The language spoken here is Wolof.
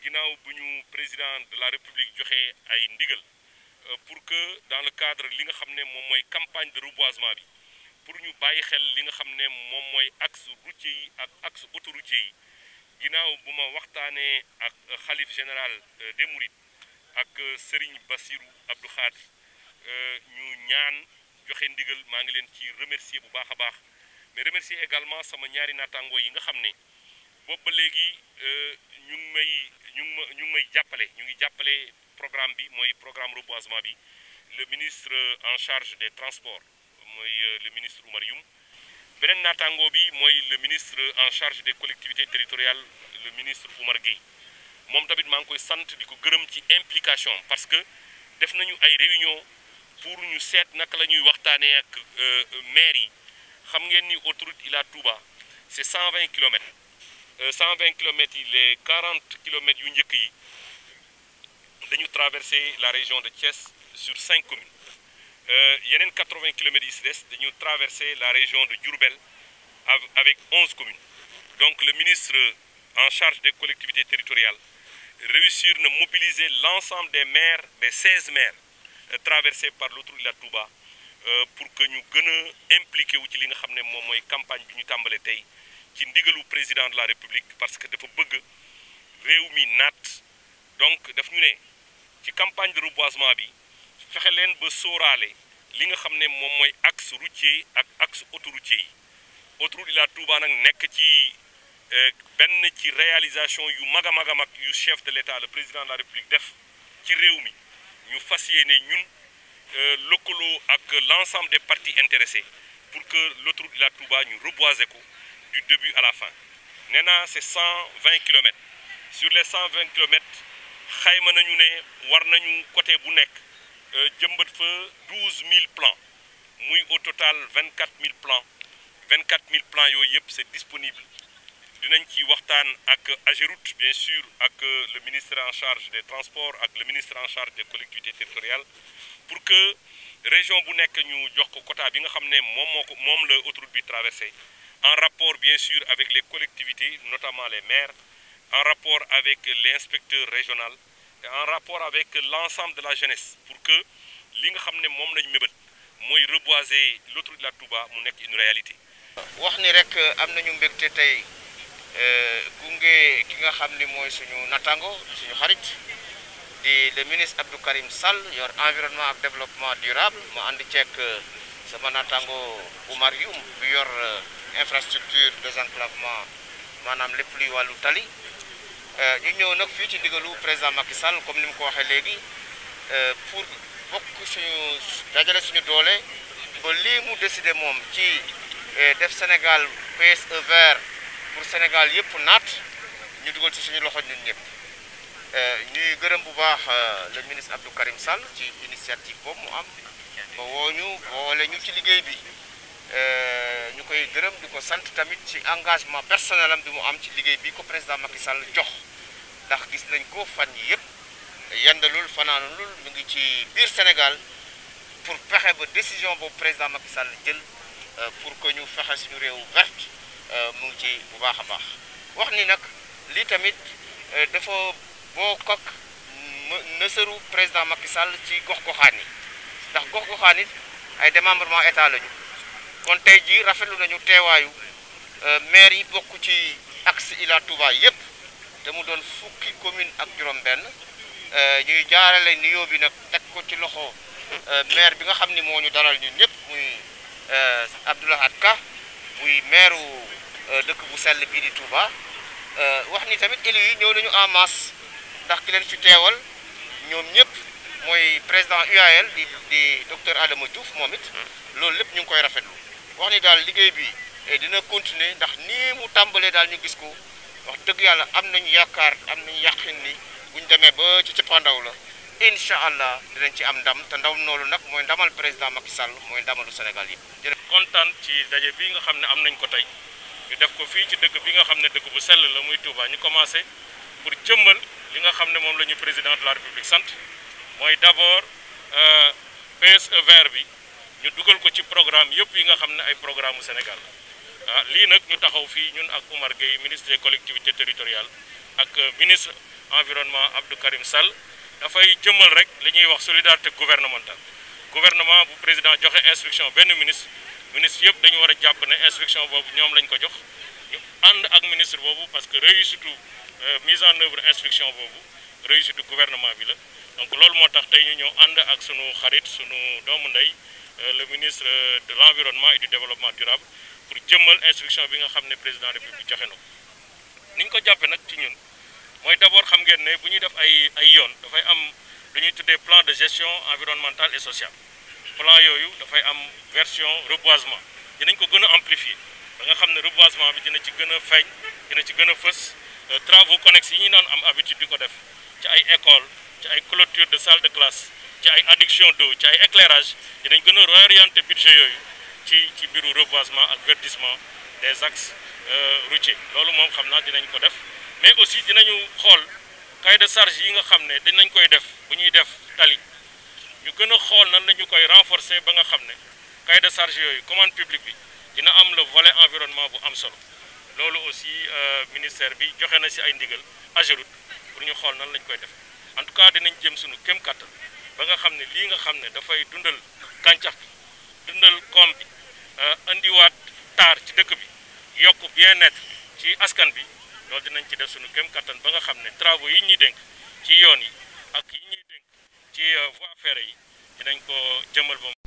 ginnaaw bu ñu président de la république joxe ay ndigal euh, pour que dans le cadre li nga xam ne moom mooy campagne de reboisement bi pour ñu bàyyi xel li nga xam ne moom mooy axe routier yi ak axe autoroutier yi ginnaaw bu ma waxtaanee ak xalif général euh, des Mourides ak euh, Serigne Bassirou Abdou Khadre ñu ñaan joxe ndigal maa ngi leen ci remercier bu baax a baax mais remercier également sama ñaari naataangoo yi nga xam ne boobu léegi. jàppale ñu ngi jàppale programme bi mooy programme reboisement bi le ministre euh, en charge des transport mooy euh, le ministre Oumar Youm beneen naataango bi mooy le ministre euh, en charge des collectivités territoriales le ministre Oumar Gueye moom tamit maa ngi koy sant di ko gërëm ci implication parce que def nañu ay réunion pour ñu seet naka la ñuy waxtaanee ak maire yi xam ngeen ni autoroute Ila Touba c' est 120 kilomètres 120 kilomètres yi les 40 kilomètres yu njëkk yi dañu traverser la région de Thiès sur cinq communes euh, yeneen 80 kilomètres yi si des dañu traverser la région de Diourbel avec 11 communes donc le ministre en charge des collectivités territoriales réussir na mobiliser l'ensemble des maires des 16 maires euh, traversés par l'autoroute Ila Touba euh, pour que ñu gën a impliqué wu ci li nga xam ne moom mooy campagne bi ñu tàmbale tey ci ndigalu président de la république parce que dafa bëgg réew mi naat donc daf ci campagne de reboisement bi fexe leen ba sóoraale li nga xam ne moom mooy axe routier ak axe autoroutier yi autoroute Ila Touba nag nekk ci euh, benn ci réalisation yu mag a mag a mag yu chef de l'État le président de la République def ci réew mi ñu fas yéene ñun euh, lëkkaloo ak l'ensemble des parties intéressées pour que l'autoroute Ila Touba ñu reboiser ko du début à la fin nee naa c'est cent vingt kilomètres sur les cent vingt kilomètres xayma nañu ne war nañu côté bu nekk euh, jëmbat fa douze mille plans muy au total vingt quatre mille plans vingt quatre mille plans yooyu yëpp c'est disponible dinañ ci waxtaan ak Ageroute bien sûr ak euh, le ministre en charge des transports ak le ministre en charge des collectivités territoriales pour que région bu nekk ñu jox ko quota bi nga xam ne moom moo ko moom la autoroute bi traversé en rapport bien sûr avec les collectivités notamment les maires en rapport avec l'inspecteur régional et en rapport avec l'ensemble de la jeunesse pour que li nga xam ne moom lañu mébét mooy reboiser l'autoroute de la Touba mu nekk une réalité. wax ni rek am nañu mbégte tey euh, gunge ki nga xam ni mooy suñu nattango suñu xarit di le ministre Abdou Karim Sall yor environnement ak développement durable mu ànd ceek euh, sama nattango Oumar Youm bu yor euh, infrastructure désenclavement maanaam lépp luy wàllu tali. Euh, ñu ñëw nag fii ci ndigalu président Macky Sall comme ni mu ko waxee léegi euh, pour bokk suñu dajale suñu doole ba lii mu décidé moom ci euh, def Sénégal PSE vert pour Sénégal yëpp naat ñu dugal si suñu loxo ñun ñëpp ñuy gërëm bu baax le ministre Abdou Karim Sall ci initiative boobu mu am ba woo ñu boole ñu ci liggéey bi. Euh, ñu koy gërëm di ko sant tamit ci engagement personnel am bi mu am ci liggéey bi ko président Macky Sall jox ndax gis nañ ko fan yi yëpp yendalul fanaanulul mu ngi ci biir Sénégal pour pexe ba décision boobu président Macky Sall jël euh, pour que ñu fexe suñu réew vert euh, mu ngi ci bu baax a baax wax ni nag lii tamit dafa boo kok nësëru président Macky Sall ci gox goxaan ndax gox goxaan it ay démembrement état lañu kon tey jii rafetlu nañu teewaayu euh, maire yi bokk ci axe Ila Touba yëpp te mu doon fukki commune ak juróom-benn euh, ñuy jaarale nuyoo bi nag teg ko ci loxo euh, maire bi nga xam ni moo ñu dalal ñun ñëpp muy Abdou Lahad Ka muy maire dëkk bu sell bii di Touba wax ni tamit élus yi ñëw nañu en masse ndax ki leen fi teewal ñoom ñëpp mooy président UAL di di docteur Adama Diouf moom it hmm. loolu lépp ñu ngi koy rafetlu. wax ni daal liggéey bi eh, dina continuer ndax nii mu tàmbalee daal ñu gis ko wax dëgg yàlla am nañu yaakaar am nañu yàqin ni buñ demee ba ci cëppaandaw la incha allah dinañ ci am ndam te ndam noolu nag mooy ndamal président Macky Sall mooy ndamalu Sénégal yi kontaan ci daje bi nga xam ne am nañ ko tey ñu def ko fii ci dëkk bi nga xam ne dëkk bu sell la muy Touba ñu commencé pour jëmbal li nga xam ne moom la ñu président de la République sant mooy d'abord euh, PSE vert bi ñu dugal ko ci programme yëpp yi nga xam ne ay programme mu Sénégal ah lii nag ñu taxaw fii ñun ak Oumar Gueye ministre des collectivités territoriales ak euh, ministre environnement Abdou Karim Sall dafay jëmal rek li ñuy wax solidarité gouvernementale gouvernement bu président joxe instruction benn ministre ministre yëpp dañu war a jàpp ne instruction boobu ñoom lañ ko jox ñu ànd ak ministre boobu parce que réussite euh, mise en œuvre instruction boobu réussite gouvernement bi la donc loolu moo tax tey ñu ñëw ànd ak sunu xarit sunu doomu ndey Euh, le ministre euh, de l'environnement et du développement durab pour jëmmal instruction bi nga xam ne président république joxe na ko ni ñu ko jàppee nag ci ñun mooy d'abord xam ngeen ne bu ñuy def ay ay yoon dafay am dañuy tuddee plan de gestion environnementale et sociale plan yooyu dafay am version reboisement dinañ ko gën a amplifier ba nga xam ne reboisement bi dina ci gën a feeñ dina ci gën a fës euh, travaux connexes yi ñu naan am habitude di ko def ci ay école ci ay clôture de salle de classe ci ay adduction d'eau ci ay éclairage dinañ gën a réorienter budget yooyu ci ci biiru reboisement ak verdissement des axes euh, routiers loolu moom xam naa dinañ ko def mais aussi dinañu xool cahier de charge yi nga xam ne dinañ koy def bu ñuy def tali ñu gën a xool nan la ñu koy renforcer ba nga xam ne cahier de charge yooyu commande publique bi dina am le volet environnement bu am solo loolu aussi euh, ministère bi joxe na si ay ndigal Ageroute pour ñu xool nan lañ koy def en tout cas dinañ jëm suñu kéem kattan ba nga xam ne lii nga xam ne dafay dundal gàncax bi dundal kom bi indiwaat ah, taar ci dëkk bi yokk bien-être ci askan bi loolu dinañ ci def sunu kem kattan ba nga xam ne travaux yi ñuy dénk ci yoon yi ak yi ñuy dénk ci euh, voie ferrée yi dinañ ko jëmal ba